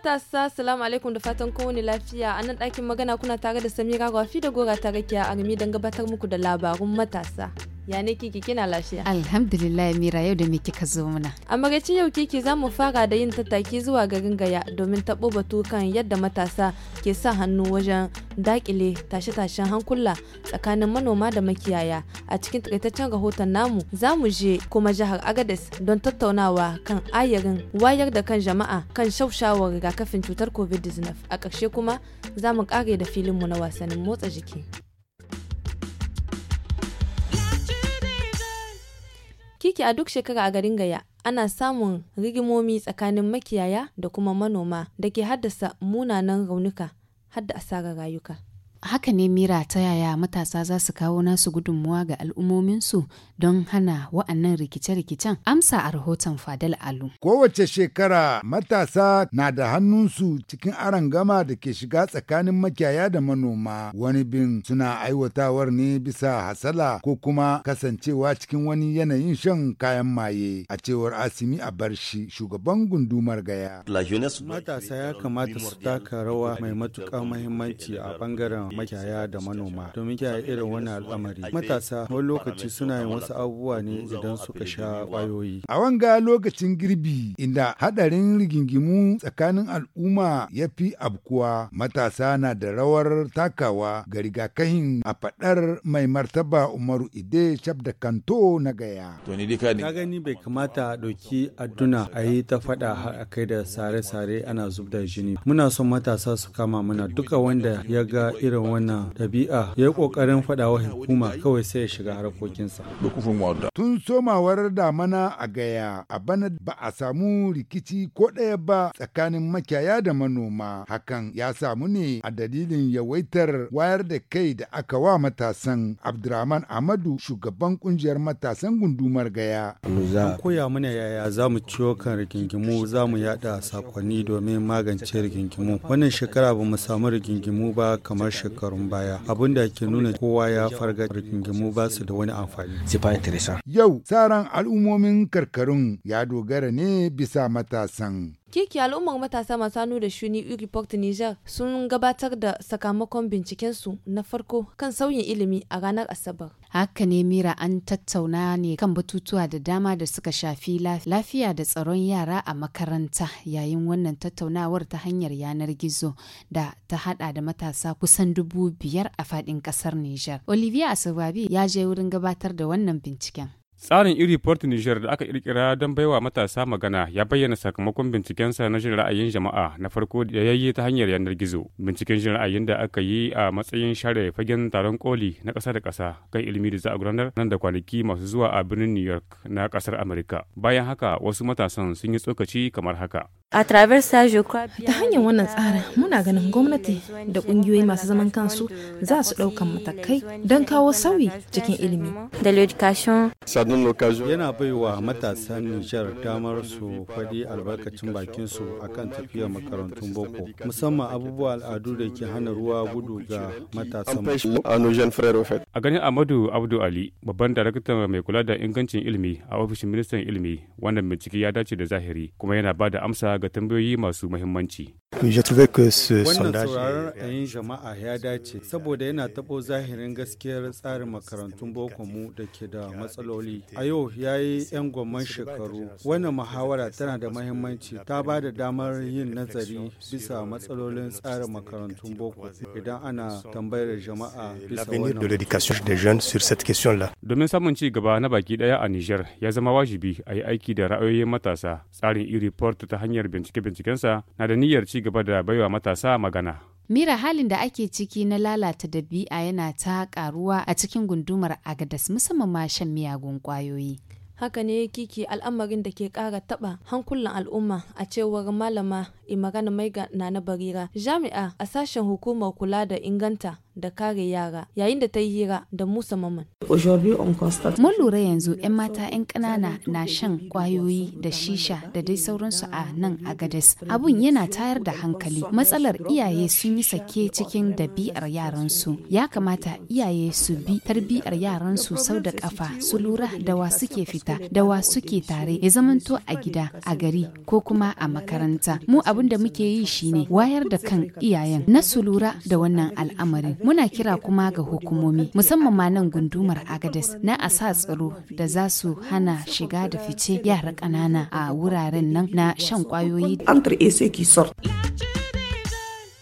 matasa salamu alaikum da fatan kowane lafiya a nan ɗakin magana kuna tare da samira gwafi da gora tare a armi don gabatar muku da labarun matasa. ya ne kiki kina lafiya alhamdulillah mira yau da me kika zo muna a magacin yau kiki za mu fara da yin tattaki zuwa garin gaya domin taɓo batu kan yadda matasa ke sa hannu wajen dakile tashe-tashen hankula tsakanin manoma da makiyaya a cikin takaitaccen rahoton namu za mu je kuma jihar agades don tattaunawa kan ayarin wayar da kan jama'a kan shaushawar rigakafin cutar covid-19 a ƙarshe kuma za mu ƙare da mu na wasannin motsa jiki Kiki a duk shekara a garin Gaya ana samun rigimomi tsakanin makiyaya da kuma manoma da ke haddasa munanan raunuka hadda a asarar rayuka. Haka ne Mira ta yaya matasa za su kawo nasu gudunmuwa ga al'ummominsu don hana wa'annan rikice-rikicen amsa a rahoton Fadal Alu. Kowace shekara matasa na da hannunsu cikin aron gama da ke shiga tsakanin makiyaya da manoma wani bin suna aiwatawar ne bisa hasala ko kuma kasancewa cikin wani yanayin shan kayan maye a cewar Asimi barshi shugaban gundumar Gaya. Matasa ya kamata su taka rawa mai matuƙa muhimmanci a bangaren makiyaya da manoma domin kiyaye irin wani al'amari. Matasa wani lokaci suna yin wasu abubuwa ne idan suka sha kwayoyi. A wanga lokacin girbi inda hadarin rigingimu tsakanin al'umma ya fi abkuwa matasa na da rawar takawa ga rigakahin a faɗar mai martaba Umaru Ide da Kanto na gaya. Ka bai kamata a ɗauki adduna a ta faɗa har a kai da sare-sare ana zub da jini. Muna son matasa su kama mana duka wanda ya ga irin irin wannan ɗabi'a ya yi ƙoƙarin faɗawa hukuma kawai sai ya shiga harkokinsa. Tun somawar damana a gaya a bana ba a samu rikici ko ɗaya ba tsakanin makiyaya da manoma hakan ya samu ne a dalilin yawaitar wayar da kai da aka wa matasan Abdurrahman Ahmadu shugaban ƙungiyar matasan gundumar gaya. An koya mana yaya za mu ciwo kan rigingimu za mu yaɗa sakonni domin magance rigingimu. Wannan shekara ba mu samu rigingimu ba kamar shekara shekarun baya abin da ke nuna kowa ya farga rigingimu ba su da wani amfani. Yau, tsaron al'ummomin karkarun ya dogara ne bisa matasan. Kiki al'ummar matasa masu hannu da shuni Ureport Niger sun gabatar da sakamakon bincikensu na farko kan sauyin ilimi a ranar Asabar. Haka ne Mira an tattauna ne kan batutuwa da dama da suka shafi lafiya da tsaron yara a makaranta yayin wannan tattaunawar ta hanyar yanar gizo da ta hada da matasa kusan dubu biyar a faɗin ƙasar Niger. Olivia Asababi ya je wurin gabatar da wannan binciken. Tsarin iri Port Niger da aka kirkira don baiwa matasa magana ya bayyana sakamakon bincikensa na jin ra'ayin jama'a na farko da ya yi ta hanyar yanar gizo. Binciken jin ra'ayin da aka yi a matsayin share fagen taron koli na ƙasa da kasa kan ilimi da za a gudanar nan da kwanaki masu zuwa a birnin New York na ƙasar Amurka. Bayan haka wasu matasan sun yi tsokaci kamar haka. A ta hanyar wannan tsarin muna ganin gwamnati da ƙungiyoyi masu zaman kansu za su ɗaukan matakai don kawo sauyi cikin ilimi. Da yana bai wa matasan Nijar damar su faɗi albarkacin bakin su akan tafiyar makarantun boko musamman abubuwa al'adu da ke hana ruwa gudu ga matasan a ganin Amadu Abdu Ali babban darakta mai kula da ingancin ilimi a ofishin ministan ilimi wannan bincike ya dace da zahiri kuma yana ba da amsa ga tambayoyi masu muhimmanci Wannan sauraron ayin jama'a ya dace saboda yana taɓo zahirin gaskiyar tsarin makarantun boko mu da ke da matsaloli a yau ya yi 'yan gwamman shekaru. Wannan muhawara tana da mahimmanci ta ba da damar yin nazari bisa matsalolin tsarin makarantun boko idan ana tambayar jama'a bisa wannan. Domin samun ci gaba na baki daya a niger ya zama wajibi a yi aiki da ra'ayoyin matasa tsarin iri report ta hanyar bincike-bincikensa na da niyyar ci gaba da baiwa matasa magana. Mira halin da ake ciki na lalata dabi'a yana ta karuwa a cikin gundumar Agadas musamman ma shan miyagun ƙwayoyi. haka ne kiki al'amarin da ke kara taba hankulan al'umma a cewar malama imagana mai na barira jami'a a sashen hukumar kula da inganta da kare yara yayin da ta yi hira da Musa Maman. Mun lura yanzu 'yan mata 'yan ƙanana na shan kwayoyi da shisha da dai sauransu a nan a gadas Abun yana tayar da hankali. Matsalar iyaye sun yi sake cikin dabi'ar yaransu. Ya kamata iyaye su bi tarbiyar yaransu sau da ƙafa su lura da wa ke fita makaranta da wa suke tare ya zamanto a gida a gari ko kuma a makaranta mu abin da muke yi shine wayar da kan iyayen na su lura da wannan al'amarin muna kira kuma ga hukumomi musamman ma nan gundumar agadas na a sa tsaro da za su hana shiga da fice yara ƙanana a wuraren nan na shan kwayoyi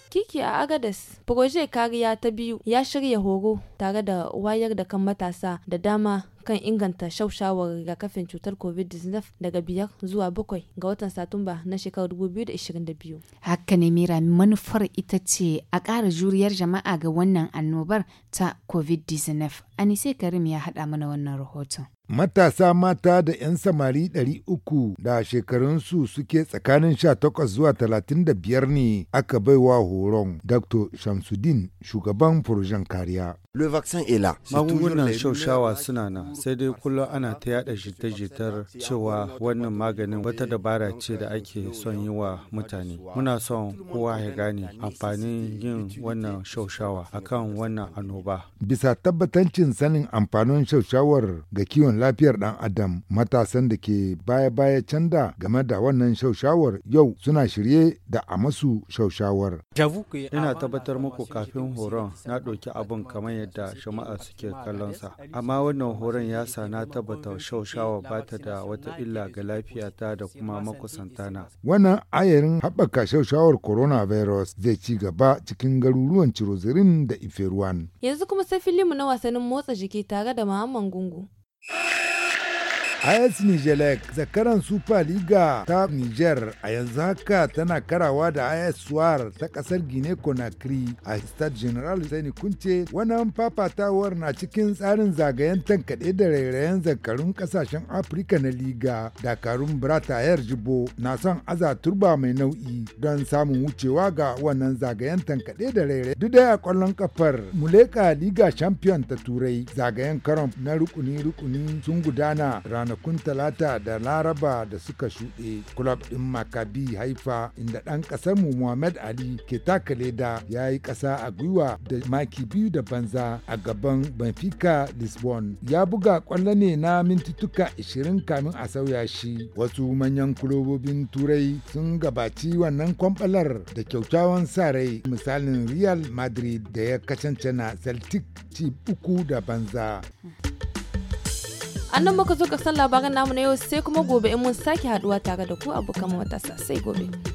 Kiki a Agadas, Proje Kariya ta biyu ya shirya horo tare da wayar da kan matasa da dama kan inganta ga rigakafin cutar covid-19 daga biyar zuwa bakwai ga watan satumba na shekarar 2022 haka ne mira manufar ita ce a ƙara juriyar jama'a ga wannan annobar ta covid-19 anise karim ya haɗa mana wannan rahoton matasa mata da 'yan samari 300 da shekarunsu suke tsakanin 18 zuwa 35 ne aka baiwa horon dr shamsuddin shugaban furujen kariya le vaccin est là. Magungunan shaushawa suna nan sai dai kullum ana ta yada jita-jitar cewa wannan maganin wata dabara ce da ake son yi wa mutane. Muna son kowa ya gane amfanin yin wannan shaushawa akan wannan annoba. Bisa tabbatancin sanin amfanin shaushawar ga kiwon lafiyar dan adam matasan da ke baya-baya canda game da wannan shaushawar yau suna shirye da a masu shaushawar. Ina tabbatar muku kafin horon na ɗauki abun kamar yadda jama'a suke kallon sa, amma wannan horon ya sa na tabbata shaushawa ba ta da wata illa ga lafiyata da kuma makusanta na. wannan ayarin haɓaka shaushawar coronavirus zai ci gaba cikin garuruwan cirozirin da iferuwan yanzu kuma sai filimu na wasannin motsa jiki tare da muhammad gungu AS Nijelek zakaran Super Liga ta Niger a yanzu haka tana karawa da AS Suwar ta kasar Guinea Conakry a Stade General Sani Kunce wannan fafatawar na cikin tsarin zagayen tankaɗe da rairayen zakarun kasashen Afirka na Liga dakarun yar Jibo na son aza turba mai nau'i don samun wucewa ga wannan zagayen tankaɗe da rairayen duk da a kwallon kafar Muleka Liga Champion ta Turai zagayen karon na rukuni-rukuni sun gudana ranar ranakun talata da laraba da suka shuɗe club ɗin makabi haifa inda ɗan ƙasarmu muhammad ali ke taka leda ya yi ƙasa a gwiwa da maki biyu da banza a gaban benfica lisbon ya buga ƙwallo ne na mintituka 20 kamin a sauya shi wasu manyan kulobobin turai sun gabaci wannan kwamfalar da kyaukyawan sa rai misalin real madrid da ya kacancana na celtic ci uku da banza. annan muka zo ga san labaran namu na yau sai kuma gobe in mun sake haduwa tare da ku abokan matasa sai gobe.